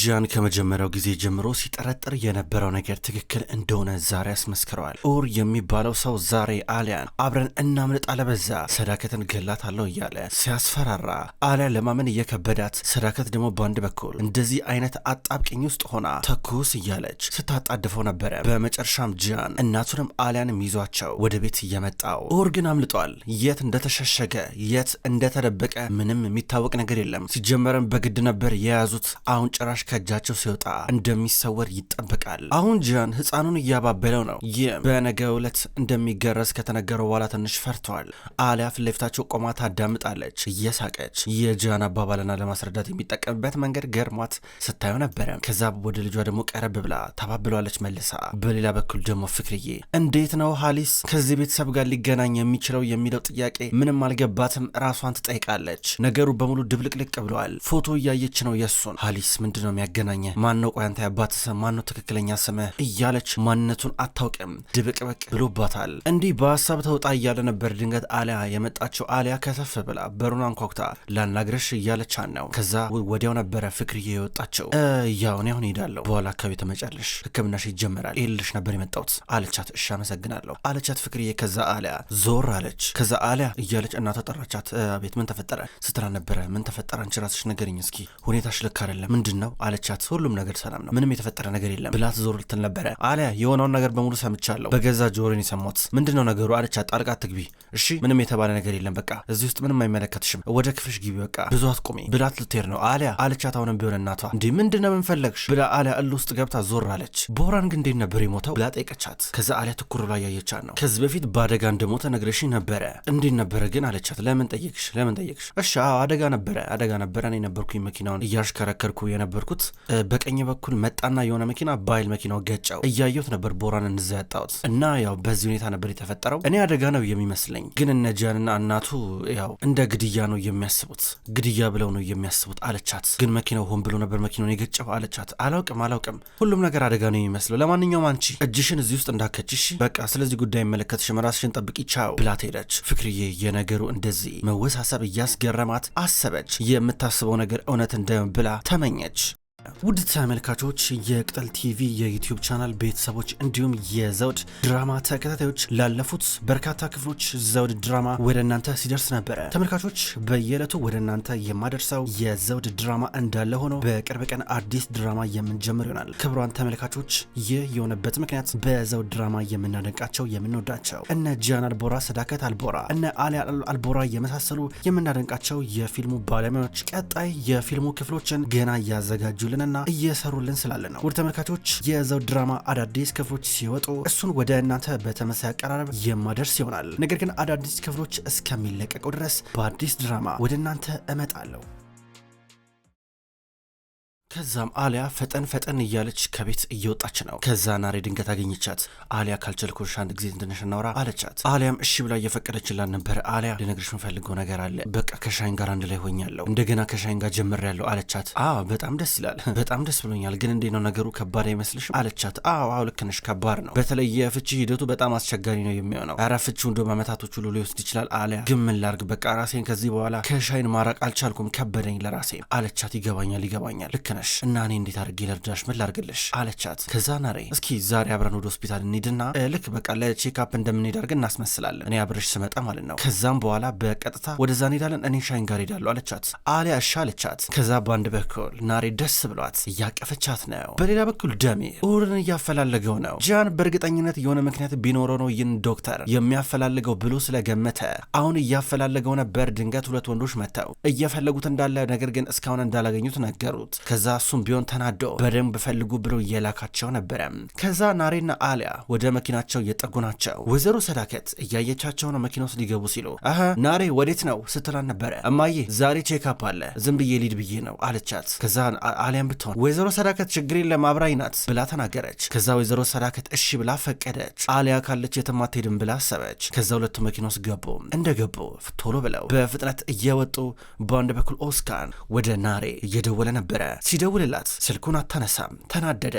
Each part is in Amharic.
ጃን ከመጀመሪያው ጊዜ ጀምሮ ሲጠረጥር የነበረው ነገር ትክክል እንደሆነ ዛሬ አስመስክረዋል። ኡር የሚባለው ሰው ዛሬ አሊያን አብረን እናምልጥ አለበዛ ሰዳከትን ገላት አለው እያለ ሲያስፈራራ አሊያን ለማመን እየከበዳት፣ ሰዳከት ደግሞ በአንድ በኩል እንደዚህ አይነት አጣብቂኝ ውስጥ ሆና ተኩስ እያለች ስታጣድፈው ነበረ። በመጨረሻም ጃን እናቱንም አሊያንም ይዟቸው ወደ ቤት እየመጣው ኡር ግን አምልጧል። የት እንደተሸሸገ የት እንደተደበቀ ምንም የሚታወቅ ነገር የለም። ሲጀመርም በግድ ነበር የያዙት አሁን ጭራሽ ከእጃቸው ሲወጣ እንደሚሰወር ይጠበቃል። አሁን ጂያን ህፃኑን እያባበለው ነው። ይህም በነገ ዕለት እንደሚገረዝ ከተነገረው በኋላ ትንሽ ፈርተዋል። አሊያ ፊት ለፊታቸው ቆማ ታዳምጣለች እየሳቀች። የጂያን አባባልና ለማስረዳት የሚጠቀምበት መንገድ ገርሟት ስታየው ነበረ። ከዛ ወደ ልጇ ደግሞ ቀረብ ብላ ተባብሏለች መልሳ። በሌላ በኩል ደግሞ ፍክርዬ እንዴት ነው ሀሊስ ከዚህ ቤተሰብ ጋር ሊገናኝ የሚችለው የሚለው ጥያቄ ምንም አልገባትም። ራሷን ትጠይቃለች። ነገሩ በሙሉ ድብልቅልቅ ብለዋል። ፎቶ እያየች ነው የእሱን ሀሊስ ምንድ ምንድን ነው የሚያገናኘ? ማን ነው ቆይ አንተ ያባት ስም ማን ነው ትክክለኛ ስምህ? እያለች ማንነቱን አታውቅም ድብቅብቅ ብሎባታል። እንዲህ በሀሳብ ተውጣ እያለ ነበር ድንገት አሊያ የመጣችው። አሊያ ከተፍ ብላ በሩን አንኳኩታ ላናግረሽ እያለቻን ነው። ከዛ ወዲያው ነበረ ፍክርዬ የወጣችው። ያው እኔ አሁን ሄዳለሁ፣ በኋላ አካባቢ ተመጫለሽ፣ ህክምናሽ ይጀመራል ይልልሽ ነበር የመጣሁት አለቻት። እሺ አመሰግናለሁ አለቻት ፍክርዬ። ከዛ አሊያ ዞር አለች። ከዛ አሊያ እያለች እናቷ ጠራቻት። ቤት ምን ተፈጠረ ስትላ ነበረ። ምን ተፈጠረ አንቺ ራስሽ ንገሪኝ እስኪ፣ ሁኔታሽ ልክ አይደለም ምንድን ነው አለቻት። ሁሉም ነገር ሰላም ነው፣ ምንም የተፈጠረ ነገር የለም ብላት ዞር ልትል ነበረ። አሊያ የሆነውን ነገር በሙሉ ሰምቻለሁ፣ በገዛ ጆሮን የሰማሁት ምንድን ነው ነገሩ አለቻት። ጣልቃ ትግቢ እሺ፣ ምንም የተባለ ነገር የለም፣ በቃ እዚህ ውስጥ ምንም አይመለከትሽም፣ ወደ ክፍልሽ ግቢ፣ በቃ ብዙ አትቁሚ ብላት ልትሄድ ነው አሊያ አለቻት። አሁንም ቢሆን እናቷ እንዲህ ምንድን ነው የምንፈለግሽ ብላ አሊያ እል ውስጥ ገብታ ዞር አለች። ቦራን ግን እንዴት ነበር የሞተው ብላ ጠይቀቻት። ከዛ አሊያ ትኩር ብላ እያየቻት ነው። ከዚህ በፊት በአደጋ እንደሞተ ነግረሽኝ ነበረ፣ እንዴት ነበረ ግን አለቻት። ለምን ጠየቅሽ ለምን ጠየቅሽ? እሺ አደጋ ነበረ አደጋ ነበረ፣ እኔ ነበርኩኝ መኪናውን እያሽከረከርኩ የነበ ነበርኩት። በቀኝ በኩል መጣና የሆነ መኪና ባይል መኪናው ገጫው። እያየሁት ነበር ቦራን እንዛ ያጣሁት እና ያው በዚህ ሁኔታ ነበር የተፈጠረው። እኔ አደጋ ነው የሚመስለኝ፣ ግን እነ እናቱ ያው እንደ ግድያ ነው የሚያስቡት፣ ግድያ ብለው ነው የሚያስቡት አለቻት። ግን መኪናው ሆን ብሎ ነበር መኪናውን የገጨው አለቻት። አላውቅም አላውቅም፣ ሁሉም ነገር አደጋ ነው የሚመስለው። ለማንኛውም አንቺ እጅሽን እዚህ ውስጥ እንዳከችሽ በቃ ስለዚህ ጉዳይ መለከትሽም፣ ራስሽን ጠብቂ ቻው ብላት ሄደች። ፍክርዬ የነገሩ እንደዚህ መወሳሰብ እያስገረማት አሰበች። የምታስበው ነገር እውነት እንደ ብላ ተመኘች። ውድ ተመልካቾች የቅጠል ቲቪ የዩቲዩብ ቻናል ቤተሰቦች እንዲሁም የዘውድ ድራማ ተከታታዮች ላለፉት በርካታ ክፍሎች ዘውድ ድራማ ወደ እናንተ ሲደርስ ነበረ። ተመልካቾች በየዕለቱ ወደ እናንተ የማደርሰው የዘውድ ድራማ እንዳለ ሆኖ በቅርብ ቀን አዲስ ድራማ የምንጀምር ይሆናል። ክብሯን ተመልካቾች ይህ የሆነበት ምክንያት በዘውድ ድራማ የምናደንቃቸው የምንወዳቸው እነ ጃን አልቦራ፣ ሰዳከት አልቦራ፣ እነ አሊያ አልቦራ የመሳሰሉ የምናደንቃቸው የፊልሙ ባለሙያዎች ቀጣይ የፊልሙ ክፍሎችን ገና ያዘጋጁልን እየጻፉልንና እየሰሩልን ስላለ ነው። ውድ ተመልካቾች የዘውድ ድራማ አዳዲስ ክፍሎች ሲወጡ እሱን ወደ እናንተ በተመሳሳይ አቀራረብ የማደርስ ይሆናል። ነገር ግን አዳዲስ ክፍሎች እስከሚለቀቁ ድረስ በአዲስ ድራማ ወደ እናንተ እመጣለሁ። ከዛም አሊያ ፈጠን ፈጠን እያለች ከቤት እየወጣች ነው። ከዛ ናሬ ድንገት አገኘቻት። አሊያ ካልቸልኮሽ አንድ ጊዜ ትንሽ እናውራ አለቻት። አሊያም እሺ ብላ እየፈቀደችላት ነበር። አሊያ ልነግርሽ ምፈልገው ነገር አለ። በቃ ከሻይን ጋር አንድ ላይ ሆኛለሁ፣ እንደገና ከሻይን ጋር ጀምሬያለሁ አለቻት። አ በጣም ደስ ይላል፣ በጣም ደስ ብሎኛል። ግን እንዴት ነው ነገሩ ከባድ አይመስልሽም አለቻት። አዎ አዎ ልክ ነሽ፣ ከባድ ነው። በተለይ የፍቺ ሂደቱ በጣም አስቸጋሪ ነው የሚሆነው። ኧረ ፍቺው እንደ ዓመታቶች ሁሉ ሊወስድ ይችላል። አሊያ ግን ምን ላርግ፣ በቃ ራሴን ከዚህ በኋላ ከሻይን ማራቅ አልቻልኩም፣ ከበደኝ ለራሴ አለቻት። ይገባኛል፣ ይገባኛል፣ ልክ ነሽ ነሽ እና እኔ እንዴት አድርጌ ልርዳሽ? ምን ላርግልሽ? አለቻት። ከዛ ናሬ እስኪ ዛሬ አብረን ወደ ሆስፒታል እንሂድና ልክ በቃ ለቼክአፕ እንደምንሄድ አድርገን እናስመስላለን፣ እኔ አብረሽ ስመጣ ማለት ነው። ከዛም በኋላ በቀጥታ ወደዛ እንሄዳለን፣ እኔ ሻይን ጋር ሄዳለሁ አለቻት። አሊያ እሺ አለቻት። ከዛ በአንድ በኩል ናሬ ደስ ብሏት እያቀፈቻት ነው፣ በሌላ በኩል ደሜ ኡርን እያፈላለገው ነው። ጂያን በእርግጠኝነት የሆነ ምክንያት ቢኖረው ነው ይህን ዶክተር የሚያፈላልገው ብሎ ስለገመተ አሁን እያፈላለገው ነበር። ድንገት ሁለት ወንዶች መጥተው እየፈለጉት እንዳለ ነገር ግን እስካሁን እንዳላገኙት ነገሩት። ከዛ ከዛ እሱም ቢሆን ተናዶ በደንብ ፈልጉ ብሎ እየላካቸው ነበረ። ከዛ ናሬና አሊያ ወደ መኪናቸው እየጠጉ ናቸው። ወይዘሮ ሰዳከት እያየቻቸው ነው። መኪና ውስጥ ሊገቡ ሲሉ አሀ ናሬ ወዴት ነው ስትላን ነበረ። እማዬ ዛሬ ቼካፕ አለ ዝም ብዬ ሊድ ብዬ ነው አለቻት። ከዛ አሊያን ብትሆን ወይዘሮ ሰዳከት ችግር የለም አብራኝ ናት ብላ ተናገረች። ከዛ ወይዘሮ ሰዳከት እሺ ብላ ፈቀደች። አሊያ ካለች የተማትሄድም ብላ አሰበች። ከዛ ሁለቱ መኪና ውስጥ ገቡ። እንደ ገቡ ቶሎ ብለው በፍጥነት እየወጡ በአንድ በኩል ኦስካን ወደ ናሬ እየደወለ ነበረ ሲደውልላት ስልኩን አታነሳም። ተናደደ።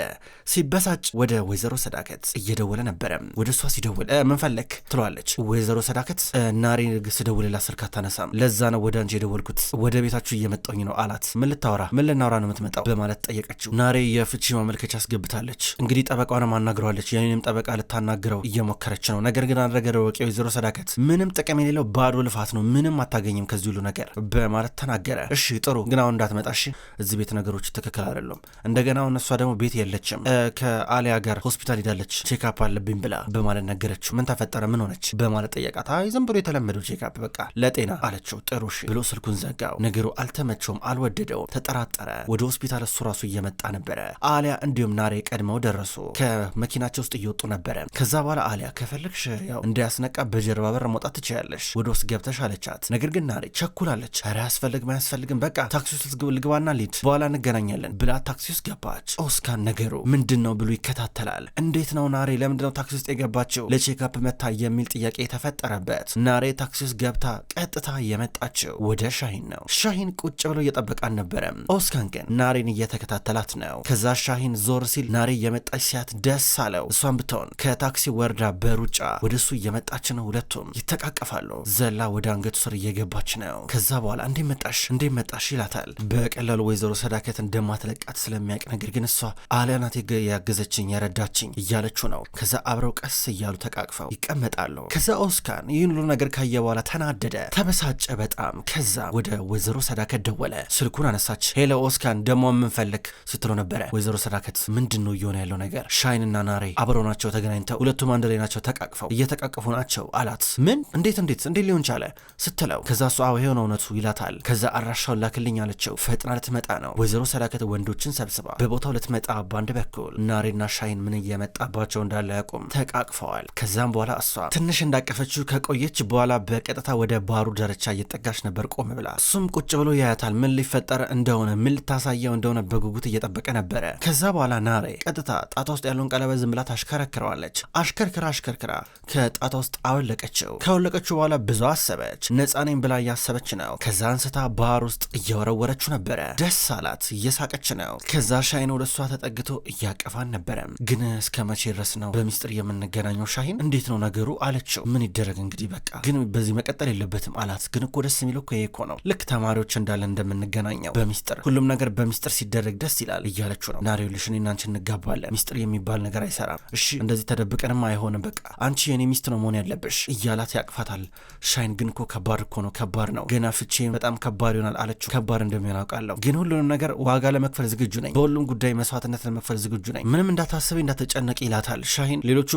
ሲበሳጭ ወደ ወይዘሮ ሰዳከት እየደወለ ነበረ። ወደ እሷ ሲደውል ምን ፈለክ ትለዋለች። ወይዘሮ ሰዳከት ናሬ ስደውልላት ስልክ አታነሳም። ለዛ ነው ወደ አንቺ የደወልኩት ወደ ቤታችሁ እየመጣኝ ነው አላት። ምን ልታወራ ምን ልናወራ ነው የምትመጣው በማለት ጠየቀችው። ናሬ የፍቺ ማመልከቻ አስገብታለች። እንግዲህ ጠበቃዋንም አናግረዋለች። የኔንም ጠበቃ ልታናግረው እየሞከረች ነው። ነገር ግን አንድ ወቂ ወይዘሮ ሰዳከት ምንም ጥቅም የሌለው ባዶ ልፋት ነው፣ ምንም አታገኝም ከዚህ ሁሉ ነገር በማለት ተናገረ። እሺ ጥሩ ግን አሁን እንዳትመጣ እሺ። እዚህ ቤት ነገሮች ትክክል አይደለም። እንደገና እነሷ ደግሞ ቤት የለችም ከአሊያ ጋር ሆስፒታል ሄዳለች ቼካፕ አለብኝ ብላ በማለት ነገረችው። ምን ተፈጠረ ምን ሆነች በማለት ጠየቃት። አይ ዝም ብሎ የተለመደው ቼካፕ በቃ ለጤና አለችው። ጥሩ እሺ ብሎ ስልኩን ዘጋው። ነገሩ አልተመቸውም፣ አልወደደውም፣ ተጠራጠረ። ወደ ሆስፒታል እሱ ራሱ እየመጣ ነበረ። አሊያ እንዲሁም ናሬ ቀድመው ደረሱ። ከመኪናቸው ውስጥ እየወጡ ነበረ። ከዛ በኋላ አሊያ ከፈለግሽ ያው እንዳያስነቃ በጀርባ በር መውጣት ትችላለሽ፣ ወደ ውስጥ ገብተሽ አለቻት። ነገር ግን ናሬ ቸኩላለች። ኧረ አያስፈልግም አያስፈልግም፣ በቃ ታክሲ ውስጥ ልግባና ሊድ በኋላ እንገናኝ እንገናኛለን ብላ ታክሲ ውስጥ ገባች። ኦስካን ነገሩ ምንድን ነው ብሎ ይከታተላል። እንዴት ነው ናሬ፣ ለምንድነው ታክሲ ውስጥ የገባችው? ለቼካፕ መታ የሚል ጥያቄ ተፈጠረበት። ናሬ ታክሲ ውስጥ ገብታ ቀጥታ የመጣችው ወደ ሻሂን ነው። ሻሂን ቁጭ ብሎ እየጠበቃ አልነበረም። ኦስካን ግን ናሬን እየተከታተላት ነው። ከዛ ሻሂን ዞር ሲል ናሬ የመጣች ሲያት ደስ አለው። እሷን ብትሆን ከታክሲ ወርዳ በሩጫ ወደ እሱ እየመጣች ነው። ሁለቱም ይተቃቀፋሉ። ዘላ ወደ አንገቱ ስር እየገባች ነው። ከዛ በኋላ እንዴ መጣሽ፣ እንዴ መጣሽ ይላታል። በቀላሉ ወይዘሮ ሰዳከት እንደማትለቃት ስለሚያውቅ ነገር ግን እሷ አሊያ ናት ያገዘችኝ ያረዳችኝ እያለችው ነው። ከዛ አብረው ቀስ እያሉ ተቃቅፈው ይቀመጣሉ። ከዛ ኦስካን ይህን ሁሉ ነገር ካየ በኋላ ተናደደ፣ ተበሳጨ በጣም። ከዛ ወደ ወይዘሮ ሰዳከት ደወለ። ስልኩን አነሳች። ሄሎ ኦስካን ደሞ የምንፈልግ ስትሎ ነበረ። ወይዘሮ ሰዳከት ምንድን ነው እየሆነ ያለው ነገር? ሻይንና ናሬ አብረው ናቸው ተገናኝተው፣ ሁለቱም አንድ ላይ ናቸው ተቃቅፈው እየተቃቀፉ ናቸው አላት። ምን እንዴት እንዴት እንዴት ሊሆን ቻለ ስትለው፣ ከዛ እሱ አዎ የሆነ እውነቱ ይላታል። ከዛ አድራሻውን ላክልኝ አለችው። ፈጥና ልትመጣ ነው ወይዘሮ በማንሸራከት ወንዶችን ሰብስባ በቦታው ልትመጣ በአንድ በኩል ናሬና ሻይን ምን እየመጣባቸው እንዳለ ያቁም ተቃቅፈዋል። ከዛም በኋላ እሷ ትንሽ እንዳቀፈችው ከቆየች በኋላ በቀጥታ ወደ ባህሩ ዳርቻ እየጠጋች ነበር ቆም ብላ። እሱም ቁጭ ብሎ ያያታል። ምን ሊፈጠር እንደሆነ ምን ልታሳየው እንደሆነ በጉጉት እየጠበቀ ነበረ። ከዛ በኋላ ናሬ ቀጥታ ጣቷ ውስጥ ያለውን ቀለበት ዝም ብላ ታሽከረክረዋለች። አሽከርክራ አሽከርክራ ከጣቷ ውስጥ አወለቀችው። ከወለቀችው በኋላ ብዙ አሰበች። ነፃ ነኝ ብላ እያሰበች ነው። ከዛ አንስታ ባህር ውስጥ እየወረወረችው ነበረ። ደስ አላት። እየሳቀች ነው። ከዛ ሻይን ወደ እሷ ተጠግቶ እያቀፋን ነበረ። ግን እስከ መቼ ድረስ ነው በሚስጥር የምንገናኘው? ሻሂን እንዴት ነው ነገሩ አለችው። ምን ይደረግ እንግዲህ በቃ ግን በዚህ መቀጠል የለበትም አላት። ግን እኮ ደስ የሚለው እኮ ይሄ እኮ ነው፣ ልክ ተማሪዎች እንዳለ እንደምንገናኘው በሚስጥር ሁሉም ነገር በሚስጥር ሲደረግ ደስ ይላል እያለችው ነው። ናሪው ልሽን እኔና እንጋባለን፣ ሚስጥር የሚባል ነገር አይሰራም። እሺ እንደዚህ ተደብቀንም አይሆንም። በቃ አንቺ የኔ ሚስት ነው መሆን ያለብሽ እያላት ያቅፋታል። ሻይን ግን እኮ ከባድ እኮ ነው፣ ከባድ ነው ገና ፍቼ በጣም ከባድ ይሆናል አለችው። ከባድ እንደሚሆን አውቃለሁ፣ ግን ሁሉንም ነገር ዋጋ ለመክፈል ዝግጁ ነኝ፣ በሁሉም ጉዳይ መስዋዕትነት ለመክፈል ዝግጁ ነኝ፣ ምንም እንዳታስበ እንዳትጨነቅ ይላታል። ሻሂን ሌሎቹ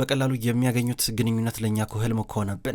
በቀላሉ የሚያገኙት ግንኙነት ለእኛ እኮ ህልም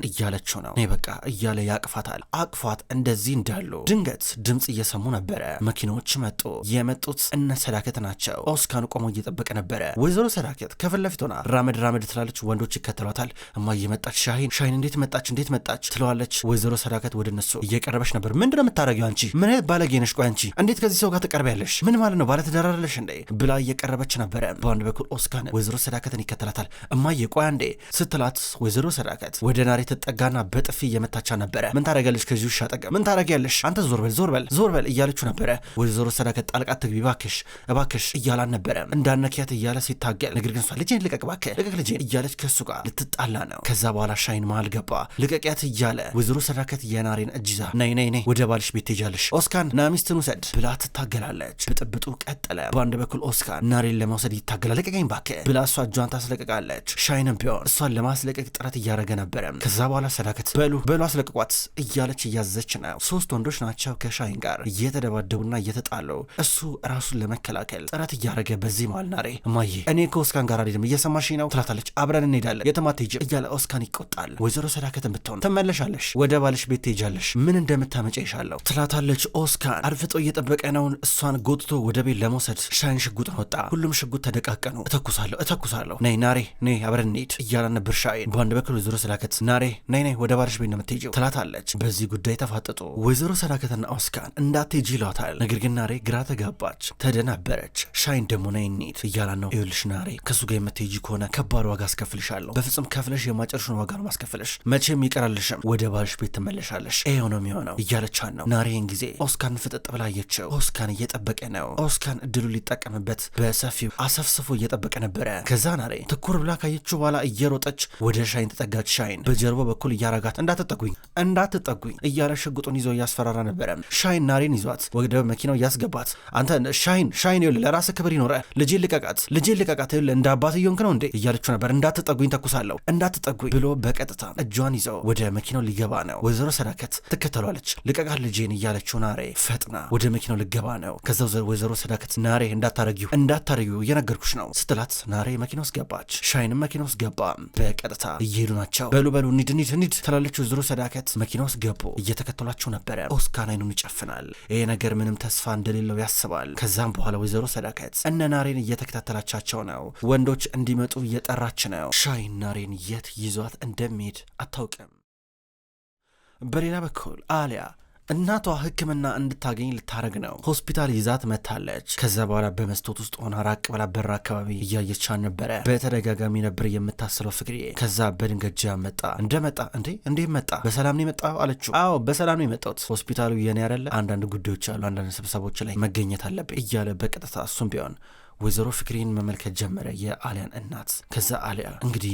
እያለችው ነው። እኔ በቃ እያለ ያቅፋታል። አቅፏት እንደዚህ እንዳሉ ድንገት ድምፅ እየሰሙ ነበረ። መኪናዎች መጡ። የመጡት እነ ሰዳከት ናቸው። ኦስካን ቆሞ እየጠበቀ ነበረ። ወይዘሮ ሰዳከት ከፊት ለፊት ሆና ራመድ ራመድ ትላለች። ወንዶች ይከተሏታል። እማዬ መጣች፣ ሻሂን ሻሂን እንዴት መጣች እንዴት መጣች ትለዋለች። ወይዘሮ ሰዳከት ወደ እነሱ እየቀረበች ነበር። ምንድነው የምታደርጊው አንቺ? ምን አይነት ባለጌ ነሽ? ቆይ አንቺ እንዴት ከዚህ ሰው ጋር ትቀርቢያለሽ? ምን ማለት ነው? ባለትዳር አይደለሽ እንዴ? ብላ እየቀረበች ነበረ። በአንድ በኩል ኦስካን ወይዘሮ ሰዳከትን ይከተላታል። እማዬ ቆይ አንዴ ስትላት ወይዘሮ ሰዳከት ወደ ናሬ ትጠጋና በጥፊ እየመታቻ ነበረ። ምን ታደርጊያለሽ? ከዚህ ውሻ ጠገብ ምን ታደርጊያለሽ? አንተ ዞር በል ዞር በል ዞር በል እያለችው ነበረ። ወይዘሮ ሰዳከት ጣልቃት ትግቢ እባክሽ እባክሽ እያላን ነበረ። እንዳነኪያት እያለ ሲታገል፣ ነገር ግን እሷ ልጄን ልቀቅ እባክህ ልቀቅ ልጄን እያለች ከሱ ጋር ልትጣላ ነው። ከዛ በኋላ ሻይን መሃል ገባ። ልቀቂያት እያለ ወይዘሮ ሰዳከት የናሬን እጅ ይዛ ነይ ነይ ነይ ወደ ባልሽ ቤት ትሄጃለሽ ኦስካን ና ሚስትን ውሰድ ብላ ትታ ትታገላለች። ብጥብጡ ቀጠለ። በአንድ በኩል ኦስካር ናሬን ለመውሰድ ይታገላል። ልቀቀኝ እባክህ ብላ እሷ እጇን ታስለቅቃለች። ሻይንም ቢሆን እሷን ለማስለቀቅ ጥረት እያደረገ ነበረ። ከዛ በኋላ ሰዳከት በሉ በሉ አስለቅቋት እያለች እያዘች ነው። ሶስት ወንዶች ናቸው ከሻይን ጋር እየተደባደቡና እየተጣሉ እሱ ራሱን ለመከላከል ጥረት እያደረገ በዚህ መሃል ናሬ እማዬ እኔ ከኦስካን ጋር አይደለም እየሰማሽ ነው ትላታለች። አብረን እንሄዳለን የተማት ጅ እያለ ኦስካን ይቆጣል። ወይዘሮ ሰዳከት ብትሆን ትመለሻለሽ፣ ወደ ባልሽ ቤት ትሄጃለሽ፣ ምን እንደምታመጪ ይሻለሁ ትላታለች። ኦስካን አድፍጦ እየጠበቀ ነው ሰሞኑን እሷን ጎትቶ ወደ ቤት ለመውሰድ ሻይን ሽጉጥን ወጣ። ሁሉም ሽጉጥ ተደቃቀኑ። እተኩሳለሁ እተኩሳለሁ፣ ነይ ናሬ ነይ አብረን እንሂድ እያለ ነበር ሻይን። በአንድ በኩል ወይዘሮ ሰዳከት ናሬ ነይ ነይ ወደ ባልሽ ቤት እንደምትሄጂው ትላታለች። በዚህ ጉዳይ ተፋጠጡ። ወይዘሮ ሰዳከትና ኦስካን እንዳትሄጂ ይሏታል። ነገር ግን ናሬ ግራ ተጋባች፣ ተደናበረች። ሻይን ደግሞ ነይ እንሂድ እያላ ነው። ይኸውልሽ ናሬ ከሱ ጋር የምትሄጂ ከሆነ ከባድ ዋጋ አስከፍልሻለሁ። በፍጹም ከፍለሽ የማጨርሹን ዋጋ ነው ማስከፍለሽ። መቼም ይቀራልሽም፣ ወደ ባልሽ ቤት ትመለሻለሽ። ይኸው ነው የሚሆነው እያለቻን ነው። ናሬን ጊዜ ኦስካን ፍጥጥ ብላ አየችው። ኦስካ ኦስካን እየጠበቀ ነው። ኦስካን እድሉ ሊጠቀምበት በሰፊው አሰፍስፎ እየጠበቀ ነበረ። ከዛ ናሬ ትኩር ብላ ካየችው በኋላ እየሮጠች ወደ ሻይን ተጠጋች። ሻይን በጀርባ በኩል እያረጋት እንዳትጠጉኝ፣ እንዳትጠጉኝ እያለ ሽጉጡን ይዞ እያስፈራራ ነበረ። ሻይን ናሬን ይዟት ወደ መኪናው እያስገባት አንተ ሻይን ሻይን ይኸውልህ ለራስህ ክብር ይኖረ ልጄ ልቀቃት፣ ልጄ ልቀቃት ይኸውልህ እንደ አባት እየሆንክ ነው እንዴ እያለችው ነበር። እንዳትጠጉኝ ተኩሳለሁ፣ እንዳትጠጉኝ ብሎ በቀጥታ እጇን ይዘው ወደ መኪናው ሊገባ ነው። ወይዘሮ ሰዳከት ትከተሏለች። ልቀቃት ልጄን እያለችው ናሬ ፈጥና ወደ መኪናው ልገባ ነው። ከዛ ወይዘሮ ሰዳከት ናሬ እንዳታረጊው እንዳታረጊው እየነገርኩሽ ነው ስትላት ናሬ መኪና ውስጥ ገባች። ሻይንም መኪና ውስጥ ገባ። በቀጥታ እየሄዱ ናቸው። በሉ በሉ ኒድ ኒድ ኒድ ትላለች ወይዘሮ ሰዳከት። መኪና ውስጥ ገቡ። እየተከተሏቸው ነበረ። ኦስካን አይኑን ይጨፍናል። ይሄ ነገር ምንም ተስፋ እንደሌለው ያስባል። ከዛም በኋላ ወይዘሮ ሰዳከት እነ ናሬን እየተከታተላቻቸው ነው። ወንዶች እንዲመጡ እየጠራች ነው። ሻይን ናሬን የት ይዟት እንደሚሄድ አታውቅም። በሌላ በኩል አሊያ እናቷ ሕክምና እንድታገኝ ልታደረግ ነው። ሆስፒታል ይዛት መታለች። ከዛ በኋላ በመስቶት ውስጥ ሆና ራቅ ብላ በር አካባቢ እያየቻን ነበረ። በተደጋጋሚ ነበር የምታስበው ፍቅሬ። ከዛ በድንገት ጂያን መጣ። እንደመጣ እንዴ እንዴ መጣ በሰላም ነው የመጣው አለችው። አዎ በሰላም ነው የመጣሁት። ሆስፒታሉ የኔ አይደለ፣ አንዳንድ ጉዳዮች አሉ፣ አንዳንድ ስብሰቦች ላይ መገኘት አለብኝ እያለ በቀጥታ እሱም ቢሆን ወይዘሮ ፍቅሬን መመልከት ጀመረ የአሊያን እናት። ከዛ አሊያ እንግዲህ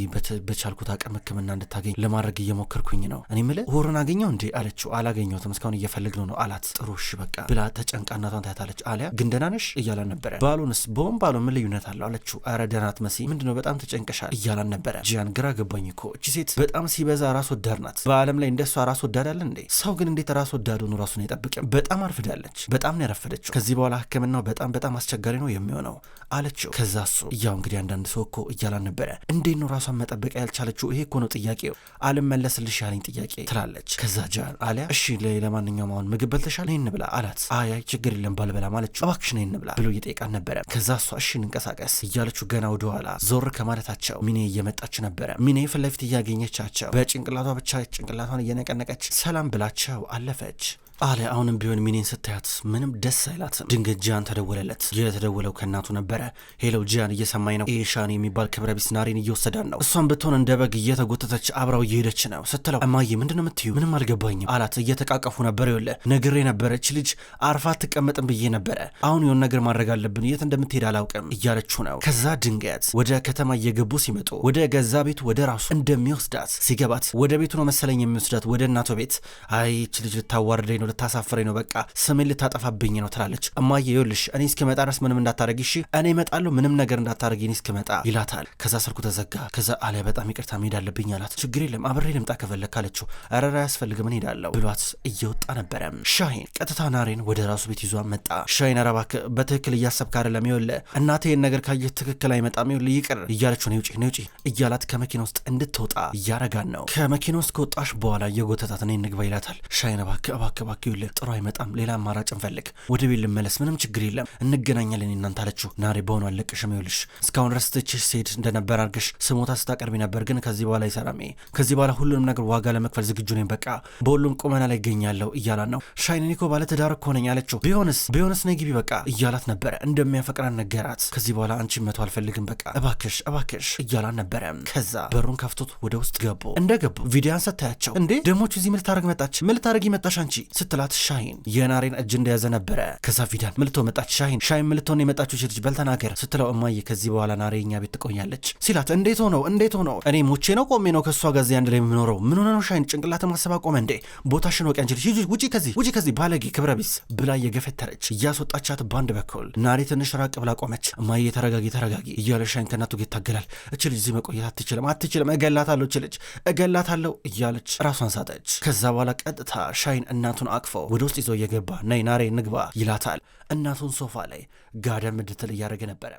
በቻልኩት አቅም ሕክምና እንድታገኝ ለማድረግ እየሞከርኩኝ ነው። እኔ ምለ ሆርን አገኘው እንዴ አለችው። አላገኘሁትም እስካሁን እየፈለግነው ነው ነው አላት። ጥሩ እሺ በቃ ብላ ተጨንቃ እናቷን ታያታለች። አሊያ ግን ደህና ነሽ እያላን ነበረ። ባሉንስ በሆን ባሉ ምን ልዩነት አለው አለችው። አረ ደህና ናት መሲ ምንድነው በጣም ተጨንቀሻል እያላን ነበረ። ጂያን ግራ ገባኝ እኮ እቺ ሴት በጣም ሲበዛ ራስ ወዳድ ናት። በአለም ላይ እንደሷ ራስ ወዳድ አለ እንዴ? ሰው ግን እንዴት ራስ ወዳድ ሆኖ ራሱን አይጠብቅም? በጣም አርፍዳለች። በጣም ነው ያረፈደችው። ከዚህ በኋላ ህክምናው በጣም በጣም አስቸጋሪ ነው የሚሆነው አለችው። ከዛ እሱ እያው እንግዲህ አንዳንድ ሰው እኮ እያላን ነበረ። እንዴት ነው ራሷን መጠበቅ ያልቻለችው? ይሄ እኮ ነው ጥያቄው። አልመለስልሽ ያለኝ ጥያቄ ትላለች። ከዛ ጃን አሊያ እሺ ለማንኛውም አሁን ምግብ በልተሻል? ይህን ብላ አላት። አያይ ችግር የለም ባልበላ ማለችው። እባክሽ ይህን ብላ ብሎ እየጠየቃን ነበረ። ከዛ እሷ እሺ እንንቀሳቀስ እያለችው ገና ወደኋላ ዞር ከማለታቸው ሚኔ እየመጣች ነበረ። ሚኔ ፊት ለፊት እያገኘቻቸው በጭንቅላቷ ብቻ ጭንቅላቷን እየነቀነቀች ሰላም ብላቸው አለፈች። አለ። አሁንም ቢሆን ሚኒን ስታያት ምንም ደስ አይላትም። ድንገት ጂያን ተደወለለት። የተደወለው ከእናቱ ነበረ። ሄለው ጂያን፣ እየሰማኝ ነው? ኤሻን የሚባል ክብረ ቢስ ናሬን እየወሰዳን ነው። እሷን ብትሆን እንደ በግ እየተጎተተች አብራው እየሄደች ነው ስትለው፣ እማዬ ምንድን ነው የምትዩ? ምንም አልገባኝም አላት። እየተቃቀፉ ነበር። ይኸውልህ ነግሬ ነበረች ልጅ አርፋ አትቀመጥም ብዬ ነበረ። አሁን የሆን ነገር ማድረግ አለብን፣ የት እንደምትሄድ አላውቅም እያለችው ነው። ከዛ ድንገት ወደ ከተማ እየገቡ ሲመጡ ወደ ገዛ ቤቱ ወደ ራሱ እንደሚወስዳት ሲገባት፣ ወደ ቤቱ ነው መሰለኝ የሚወስዳት ወደ እናቶ ቤት። አይች ልጅ ልታዋርደኝ ነው ነው፣ ልታሳፍረኝ ነው፣ በቃ ስሜን ልታጠፋብኝ ነው ትላለች። እማዬ ይኸውልሽ እኔ እስክመጣ ድረስ ምንም እንዳታረጊ እሺ፣ እኔ እመጣለሁ፣ ምንም ነገር እንዳታረጊ እኔ እስክመጣ ይላታል። ከዛ ስልኩ ተዘጋ። ከዛ አሊያ በጣም ይቅርታ መሄድ አለብኝ አላት። ችግር የለም አብሬ ልምጣ ከፈለክ አለችው። ረራ አያስፈልግም እሄዳለሁ ብሏት እየወጣ ነበረ። ሻሂን ቀጥታ ናሬን ወደ ራሱ ቤት ይዟ መጣ። ሻሂን ኧረ እባክህ በትክክል እያሰብክ አይደለም፣ ይኸውልህ እናቴ ይህን ነገር ካየህ ትክክል አይመጣም፣ ይኸውልህ ይቅር እያለችው ነይ ውጪ ነይ ውጪ እያላት ከመኪና ውስጥ እንድትወጣ እያረጋን ነው። ከመኪና ውስጥ ከወጣሽ በኋላ የጎተታት ነይ እንግባ ይላታል። ሻሂን እባክህ እባክህ እባክህ ይኸውልህ ጥሩ አይመጣም፣ ሌላ አማራጭ እንፈልግ፣ ወደ ቤት ልመለስ፣ ምንም ችግር የለም እንገናኛለን እናንተ አለችው። ናሬ በሆኑ አለቅሽም፣ ይኸውልሽ እስካሁን ድረስ ትችሽ ሴድ እንደነበር አድርገሽ ስሞታ ስታቀርቢ ነበር፣ ግን ከዚህ በኋላ ይሰራሜ ከዚህ በኋላ ሁሉንም ነገር ዋጋ ለመክፈል ዝግጁ ነኝ፣ በቃ በሁሉም ቁመና ላይ ይገኛለሁ እያላት ነው። ሻይን እኮ ባለ ትዳር እኮ ነኝ አለችው። ቢሆንስ ቢሆንስ ነይ ግቢ በቃ እያላት ነበረ። እንደሚያፈቅራን ነገራት። ከዚህ በኋላ አንቺ መቶ አልፈልግም በቃ እባክሽ እባክሽ እያላን ነበረ። ከዛ በሩን ከፍቶት ወደ ውስጥ ገቡ። እንደገቡ ገቡ ቪዲያን ሰታያቸው እንዴ ደሞች እዚህ ምልታረግ መጣች? ምልታረግ ይመጣሽ አንቺ ስትላት ሻይን የናሬን እጅ እንደያዘ ነበረ። ከዛ ፊዳን ምልቶ መጣች። ሻይን ሻይን ምልቶን የመጣችው ሴት ልጅ በልተናገር ስትለው እማዬ ከዚህ በኋላ ናሬ እኛ ቤት ትቆኛለች ሲላት እንዴት ሆነው እንዴት ሆነው እኔ ሞቼ ነው ቆሜ ነው ከእሷ ጋር እዚህ አንድ ላይ የምኖረው? ምን ሆነ ነው ሻይን ጭንቅላት ማሰብ አቆመ እንዴ? ቦታሽን ወቂ አንችልሽ፣ ውጪ ከዚህ ውጪ ከዚህ ባለጌ ክብረ ቢስ ብላ እየገፈተረች እያስወጣቻት በአንድ በኩል ናሬ ትንሽ ራቅ ብላ ቆመች። እማዬ ተረጋጊ ተረጋጊ እያለ ሻይን ከእናቱ ጌት ታገላል። እች ልጅ እዚህ መቆየት አትችልም አትችልም፣ እገላታለሁ እች ልጅ እገላታለሁ እያለች ራሷን ሳጠች። ከዛ በኋላ ቀጥታ ሻይን እናቱን አቅፎ ወደ ውስጥ ይዞ እየገባ ነይ ናሬ ንግባ ይላታል። እናቱን ሶፋ ላይ ጋደም እንድትል እያደረገ ነበረ።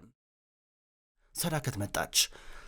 ሰዳከት መጣች።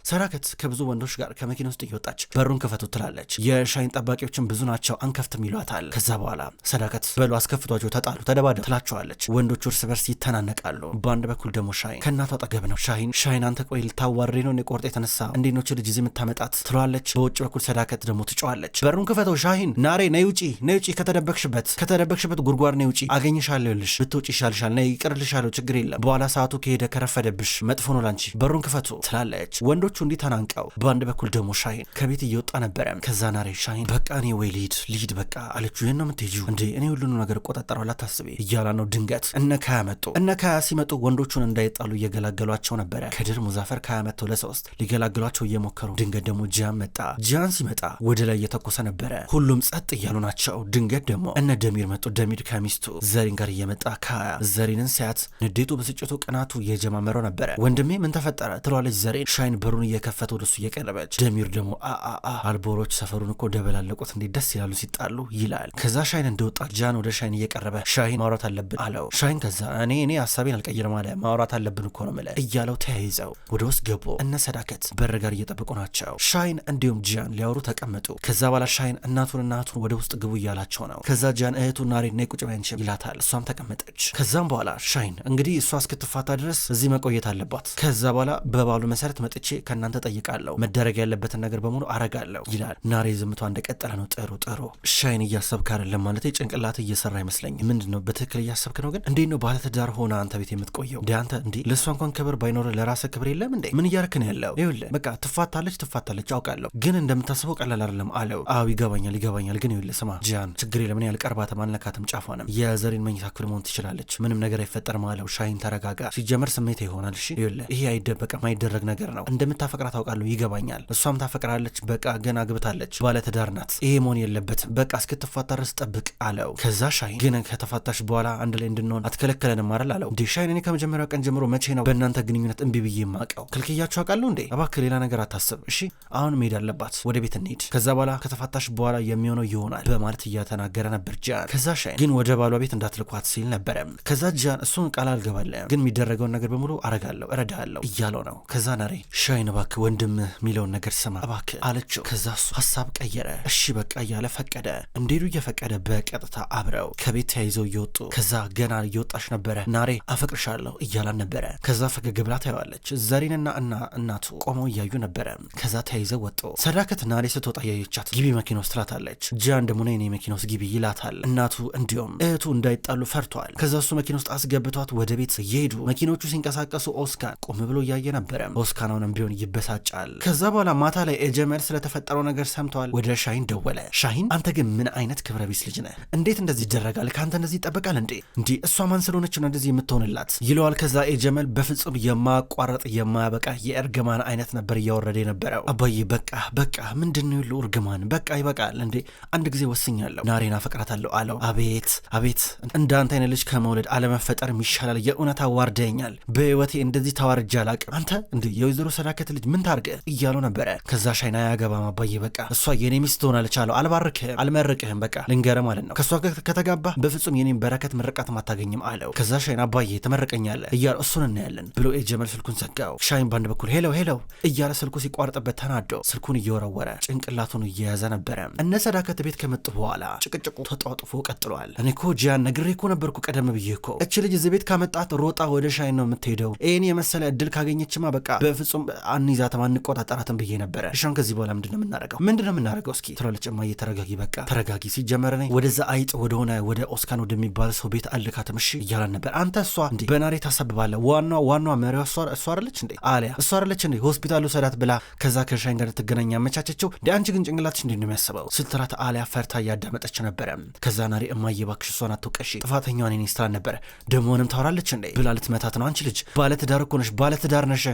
ሰራከት ከብዙ ወንዶች ጋር ከመኪና ውስጥ እየወጣች በሩን ክፈቱ ትላለች። የሻይን ጠባቂዎችን ብዙ ናቸው አንከፍትም ይሏታል። ከዛ በኋላ ሰዳከት በሉ አስከፍቷቸው ተጣሉ፣ ተደባደ ትላቸዋለች። ወንዶቹ እርስ በርስ ይተናነቃሉ። በአንድ በኩል ደግሞ ሻይን ከእናቷ አጠገብ ነው። ሻይን ሻይን አንተ ቆይ ልታዋሬ ነው እኔ ቆርጥ የተነሳ እንዴኖች ልጅ ዝም ታመጣት ትሏለች። በውጭ በኩል ሰዳከት ደግሞ ትጮዋለች። በሩን ክፈተው ሻይን፣ ናሬ ነይ ውጪ፣ ነይ ውጪ ከተደበቅሽበት ከተደበቅሽበት ጉድጓድ ነይ ውጪ፣ አገኝሻለሁ ልሽ ብትውጭ ይሻልሻል፣ ነይ ይቅርልሻለሁ፣ ችግር የለም በኋላ ሰዓቱ ከሄደ ከረፈደብሽ መጥፎ ነው ላንቺ፣ በሩን ክፈቱ ትላለች። ወንዶ ነገሮቹ እንዲህ ተናንቀው፣ በአንድ በኩል ደግሞ ሻይን ከቤት እየወጣ ነበረ። ከዛ ናሬ ሻይን በቃ እኔ ወይ ልሂድ ልሂድ በቃ አለችው። ይህን ነው የምትሄጂው እንዴ? እኔ ሁሉንም ነገር እቆጣጠረው ላታስቤ እያላ ነው። ድንገት እነ ካያ መጡ። እነ ካያ ሲመጡ ወንዶቹን እንዳይጣሉ እየገላገሏቸው ነበረ። ከድር ሙዛፈር ካያ መጥተው ለሶስት ሊገላገሏቸው እየሞከሩ ድንገት ደግሞ ጂያን መጣ። ጂያን ሲመጣ ወደ ላይ እየተኮሰ ነበረ። ሁሉም ጸጥ እያሉ ናቸው። ድንገት ደግሞ እነ ደሚር መጡ። ደሚር ከሚስቱ ዘሪን ጋር እየመጣ ካያ ዘሪንን ሲያት ንዴቱ፣ ብስጭቱ፣ ቅናቱ እየጀማመረው ነበረ። ወንድሜ ምን ተፈጠረ ትሏለች ዘሬን ሻይን በሩ በሩን እየከፈተ ወደሱ እየቀረበች ደሚር ደግሞ አአአ አልቦሮች ሰፈሩን እኮ ደበላለቁት እንዴት ደስ ይላሉ ሲጣሉ ይላል። ከዛ ሻይን እንደወጣ ጃን ወደ ሻይን እየቀረበ ሻይን ማውራት አለብን አለው። ሻይን ከዛ እኔ እኔ ሀሳቤን አልቀይርም አለ ማውራት አለብን እኮ ነው ምለ እያለው ተያይዘው ወደ ውስጥ ገቡ። እነ ሰዳከት በር ጋር እየጠበቁ ናቸው። ሻይን እንዲሁም ጃን ሊያወሩ ተቀመጡ። ከዛ በኋላ ሻይን እናቱን እናቱን ወደ ውስጥ ግቡ እያላቸው ነው። ከዛ ጃን እህቱ ናሬ ነይ ቁጭ በይ ይላታል። እሷም ተቀመጠች። ከዛም በኋላ ሻይን እንግዲህ እሷ እስክትፋታ ድረስ እዚህ መቆየት አለባት። ከዛ በኋላ በባሉ መሰረት መጥቼ ከእናንተ ጠይቃለሁ፣ መደረግ ያለበትን ነገር በሙሉ አረጋለሁ ይላል። ናሬ ዝምቷ እንደቀጠለ ነው። ጥሩ ጥሩ ሻይን እያሰብክ አይደለም ማለት ጭንቅላት እየሰራ አይመስለኝም። ምንድን ነው በትክክል እያሰብክ ነው? ግን እንዴት ነው ባለትዳር ሆነ አንተ ቤት የምትቆየው? እንዲ አንተ እንዲ ለእሷ እንኳን ክብር ባይኖረ ለራሰ ክብር የለም እንዴ? ምን እያርክ ነው ያለው? ይኸውልህ በቃ ትፋታለች፣ ትፋታለች አውቃለሁ፣ ግን እንደምታስበው ቀላል አይደለም አለው። አዎ ይገባኛል፣ ይገባኛል። ግን ይኸውልህ ስማ ጂያን፣ ችግር የለም እኔ አልቀርባትም፣ አልነካትም፣ ጫፏንም የዘሬን መኝታ ክፍል መሆን ትችላለች፣ ምንም ነገር አይፈጠርም አለው። ሻይን ተረጋጋ፣ ሲጀመር ስሜት ይሆናል። እሺ ይኸውልህ ይሄ አይደበቅም፣ አይደረግ ነገር ነው እንደምት እንደምታፈቅራ ታውቃለሁ፣ ይገባኛል። እሷም ታፈቅራለች። በቃ ገና ግብታለች፣ ባለትዳር ናት። ይሄ መሆን የለበትም። በቃ እስክትፋታ ድረስ ጠብቅ አለው። ከዛ ሻይን ግን ከተፋታሽ በኋላ አንድ ላይ እንድንሆን አትከለከለንም አይደል አለው። እንዴ ሻይን፣ እኔ ከመጀመሪያው ቀን ጀምሮ መቼ ነው በእናንተ ግንኙነት እምቢ ብዬ ማቀው? ክልክያችሁ አውቃለሁ እንዴ? እባክህ ሌላ ነገር አታስብ እሺ። አሁን መሄድ አለባት፣ ወደ ቤት እንሄድ። ከዛ በኋላ ከተፋታሽ በኋላ የሚሆነው ይሆናል በማለት እያተናገረ ነበር ጃን። ከዛ ሻይን ግን ወደ ባሏ ቤት እንዳትልኳት ሲል ነበረ። ከዛ ጃን እሱን ቃል አልገባለም፣ ግን የሚደረገውን ነገር በሙሉ አረጋለሁ፣ እረዳለሁ እያለው ነው። ከዛ ናሬ ሻይን ባክ ወንድም የሚለውን ነገር ስማ እባክህ አለችው። ከዛ እሱ ሀሳብ ቀየረ። እሺ በቃ እያለ ፈቀደ። እንዴዱ እየፈቀደ በቀጥታ አብረው ከቤት ተያይዘው እየወጡ ከዛ ገና እየወጣች ነበረ። ናሬ አፈቅርሻለሁ እያላን ነበረ። ከዛ ፈገግ ብላ ታየዋለች። ዘሪንና እና እናቱ ቆመው እያዩ ነበረ። ከዛ ተያይዘው ወጡ። ሰዳከት ናሬ ስትወጣ ያየቻት ግቢ መኪና ውስጥ ትላታለች። ጂያን ደግሞ ነይ እኔ መኪና ውስጥ ግቢ ይላታል። እናቱ እንዲሁም እህቱ እንዳይጣሉ ፈርቷል። ከዛ እሱ መኪና ውስጥ አስገብቷት ወደ ቤት እየሄዱ መኪኖቹ ሲንቀሳቀሱ ኦስካን ቆም ብሎ እያየ ነበረ። ኦስካን አሁንም ቢሆን ይበሳጫል። ከዛ በኋላ ማታ ላይ ኤጀመል ስለተፈጠረው ነገር ሰምተዋል። ወደ ሻሂን ደወለ። ሻሂን አንተ ግን ምን አይነት ክብረ ቢስ ልጅ ነህ? እንዴት እንደዚህ ይደረጋል? ከአንተ እንደዚህ ይጠበቃል እንዴ? እንዲህ እሷ ማን ስለሆነች ነው እንደዚህ የምትሆንላት? ይለዋል። ከዛ ኤጀመል በፍጹም የማቋረጥ የማያበቃ የእርግማን አይነት ነበር እያወረደ የነበረው። አባዬ በቃ በቃ ምንድን ይሉ እርግማን በቃ ይበቃል እንዴ አንድ ጊዜ ወስኛለሁ። ናሬን አፈቅራታለሁ አለው። አቤት አቤት እንዳንተ አይነት ልጅ ከመውለድ አለመፈጠርም ይሻላል። የእውነት አዋርደኛል። በህይወቴ እንደዚህ ተዋርጃ አላቅም። አንተ እንዴ የወይዘሮ ሰዳከት ልጅ ምን ታርግ እያሉ ነበረ። ከዛ ሻይና ያገባም አባዬ በቃ እሷ የኔ ሚስት ትሆናለች አለው። አልባርክህም፣ አልመርቅህም በቃ ልንገረ ማለት ነው። ከእሷ ከተጋባ በፍጹም የኔም በረከት ምርቃትም አታገኝም አለው። ከዛ ሻይና አባዬ ትመርቀኛለህ እያሉ እሱን እናያለን ብሎ የጀመል ስልኩን ዘጋው። ሻይን በአንድ በኩል ሄለው ሄለው እያለ ስልኩ ሲቋርጥበት ተናዶ ስልኩን እየወረወረ ጭንቅላቱን እየያዘ ነበረ። እነ ሰዳከት ቤት ከመጡ በኋላ ጭቅጭቁ ተጧጥፎ ቀጥሏል። እኔ እኮ ጂያን ነግሬ እኮ ነበርኩ ቀደም ብዬ እኮ እች ልጅ እዚህ ቤት ካመጣት ሮጣ ወደ ሻይን ነው የምትሄደው። ይህን የመሰለ እድል ካገኘችማ በቃ በፍጹም አንይዛትም አንቆጣጠራትም ብዬ ነበረ። እሻን ከዚህ በኋላ ምንድነው የምናደርገው? ምንድነው የምናደርገው? እስኪ ትላለች እማዬ። ተረጋጊ፣ በቃ ተረጋጊ። ሲጀመር እኔ ወደዛ አይጥ ወደሆነ ወደ ኦስካን ወደሚባል ሰው ቤት አልካትም እሺ እያላን ነበር። አንተ እሷ እንዴ በናሬ ታሰብባለ። ዋና ዋና መሪዋ እሷ አይደለች እንዴ አሊያ እሷ አይደለች እንዴ ሆስፒታሉ ሰዳት ብላ ከዛ ከሻይን ጋር ትገናኝ ያመቻቸችው እንዴ። አንቺ ግን ጭንቅላትሽ እንዴ ነው የሚያስበው? ስትላት አሊያ ፈርታ እያዳመጠች ነበረ። ከዛ ናሬ እማዬ እባክሽ እሷን አትውቀሺ፣ ጥፋተኛዋን እኔ ስትላን ነበረ። ደሞንም ታወራለች እንዴ ብላ ልትመታት ነው። አንቺ ልጅ ባለትዳር እኮ ነሽ፣ ባለትዳር ነሽ፣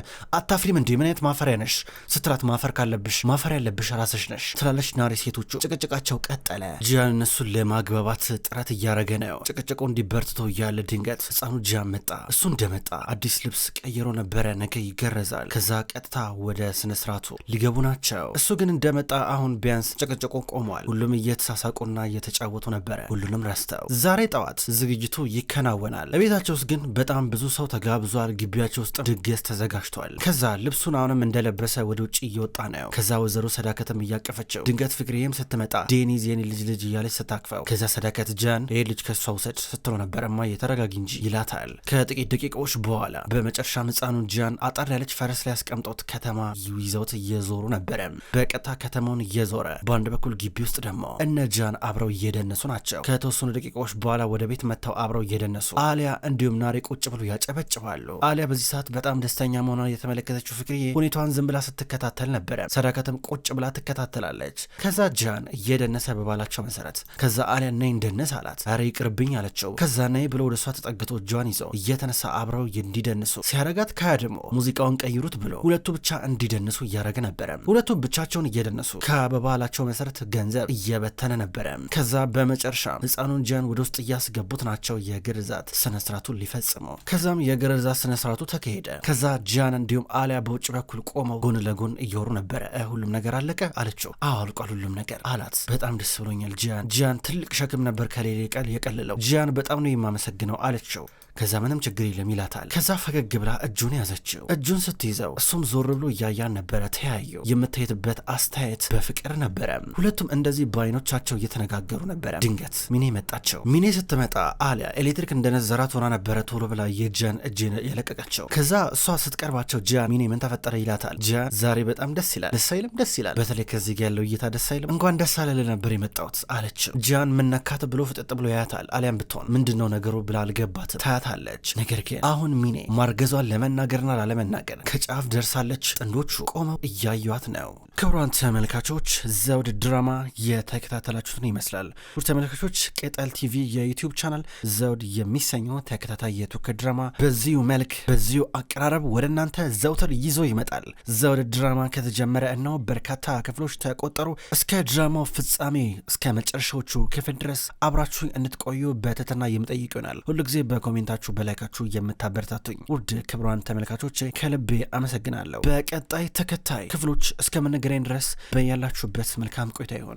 አታፍሪም እንዴ? ምን አይነት ማፈሪያ ነሽ ስትላት ማፈር ካለብሽ ማፈር ያለብሽ ራስሽ ነሽ ትላለች ናሬ። ሴቶቹ ጭቅጭቃቸው ቀጠለ። ጂያን እነሱን ለማግባባት ጥረት እያረገ ነው። ጭቅጭቁ እንዲበርትቶ እያለ ድንገት ህፃኑ ጂያን መጣ። እሱ እንደመጣ አዲስ ልብስ ቀይሮ ነበረ፣ ነገ ይገረዛል። ከዛ ቀጥታ ወደ ስነስርዓቱ ሊገቡ ናቸው። እሱ ግን እንደመጣ አሁን ቢያንስ ጭቅጭቁ ቆሟል። ሁሉም እየተሳሳቁና እየተጫወቱ ነበረ። ሁሉንም ረስተው ዛሬ ጠዋት ዝግጅቱ ይከናወናል። እቤታቸው ውስጥ ግን በጣም ብዙ ሰው ተጋብዟል። ግቢያቸው ውስጥ ድግስ ተዘጋጅቷል። ከዛ ልብሱን አሁንም እንደለበሰ ወደ ውጭ እየወጣ ነው። ከዛ ወይዘሮ ሰዳከትም እያቀፈችው፣ ድንገት ፍቅርዬም ስትመጣ ዴኒዝ የኔ ልጅ ልጅ እያለች ስታቅፈው፣ ከዛ ሰዳከት ጃን ይህ ልጅ ከሷ ውሰድ ስትለው ነበር። እማዬ የተረጋጊ እንጂ ይላታል። ከጥቂት ደቂቃዎች በኋላ በመጨረሻም ህፃኑን ጃን አጠር ያለች ፈረስ ላይ አስቀምጦት ከተማ ይዘውት እየዞሩ ነበረም። በቀጥታ ከተማውን እየዞረ በአንድ በኩል ግቢ ውስጥ ደግሞ እነ ጃን አብረው እየደነሱ ናቸው። ከተወሰኑ ደቂቃዎች በኋላ ወደ ቤት መጥተው አብረው እየደነሱ አሊያ እንዲሁም ናሬ ቁጭ ብሎ ያጨበጭባሉ። አሊያ በዚህ ሰዓት በጣም ደስተኛ መሆኗን የተመለከተችው ፍቅርዬ ሁኔታዋን ዝም ብላ ስትከታተል ነበረ። ሰዳከትም ቁጭ ብላ ትከታተላለች። ከዛ ጃን እየደነሰ በባላቸው መሰረት ከዛ አሊያ ነይ እንደነስ አላት። ኧረ ይቅርብኝ አለችው። ከዛ ነይ ብሎ ወደ እሷ ተጠግቶ እጇን ይዘው እየተነሳ አብረው እንዲደንሱ ሲያረጋት ካያ ደግሞ ሙዚቃውን ቀይሩት ብሎ ሁለቱ ብቻ እንዲደንሱ እያደረገ ነበረ። ሁለቱ ብቻቸውን እየደነሱ ከበባላቸው መሰረት ገንዘብ እየበተነ ነበረ። ከዛ በመጨረሻ ህፃኑን ጃን ወደ ውስጥ እያስገቡት ናቸው የግርዛት ስነስርዓቱን ሊፈጽሙ። ከዛም የግርዛት ስነስርዓቱ ተካሄደ። ከዛ ጃን እንዲሁም አሊያ በውጭ በኩል ቆመው ጎን ለጎን እየወሩ ነበረ። ሁሉም ነገር አለቀ አለችው። አዎ አልቋል ሁሉም ነገር አላት። በጣም ደስ ብሎኛል ጂያን። ጂያን ትልቅ ሸክም ነበር ከሌሌ ቀል የቀልለው ጂያን በጣም ነው የማመሰግነው አለችው። ከዛ ምንም ችግር የለም ይላታል። ከዛ ፈገግ ብላ እጁን ያዘችው። እጁን ስትይዘው እሱም ዞር ብሎ እያያን ነበረ። ተያየው። የምታየትበት አስተያየት በፍቅር ነበረ። ሁለቱም እንደዚህ በአይኖቻቸው እየተነጋገሩ ነበረ። ድንገት ሚኔ መጣቸው። ሚኔ ስትመጣ አሊያ ኤሌክትሪክ እንደነዘራት ሆና ነበረ። ቶሎ ብላ የጃን እጅን የለቀቀቸው። ከዛ እሷ ስትቀርባቸው ጃ ሚኔ ምን ተፈጠረ ይላታል። ጃ ዛሬ በጣም ደስ ይላል፣ ደስ አይልም? ደስ ይላል። በተለይ ከዚህ ጋር ያለው እይታ ደስ አይልም? እንኳን ደስ አለል ነበር የመጣሁት አለችው። ጃን ምነካት ብሎ ፍጥጥ ብሎ ያያታል። አሊያም ብትሆን ምንድነው ነገሩ ብላ አልገባትም። ታያት ነግራታለች። ነገር ግን አሁን ሚኔ ማርገዟን ለመናገርና ላለመናገር ከጫፍ ደርሳለች። ጥንዶቹ ቆመው እያዩት ነው። ክቡራን ተመልካቾች ዘውድ ድራማ የተከታተላችሁትን ይመስላል። ሁር ተመልካቾች ቅጠል ቲቪ የዩቲዩብ ቻናል ዘውድ የሚሰኘው ተከታታይ የቱርክ ድራማ በዚሁ መልክ በዚሁ አቀራረብ ወደ እናንተ ዘውትር ይዞ ይመጣል። ዘውድ ድራማ ከተጀመረ እና በርካታ ክፍሎች ተቆጠሩ። እስከ ድራማው ፍጻሜ እስከ መጨረሻዎቹ ክፍል ድረስ አብራችሁ እንድትቆዩ በትህትና የምጠይቅ ይሆናል። ሁሉ ጊዜ በኮሜንታ እየገባችሁ በላይካችሁ የምታበረታቱኝ ውድ ክብሯን ተመልካቾች ከልቤ አመሰግናለሁ። በቀጣይ ተከታይ ክፍሎች እስከምንገናኝ ድረስ በያላችሁበት መልካም ቆይታ ይሆን።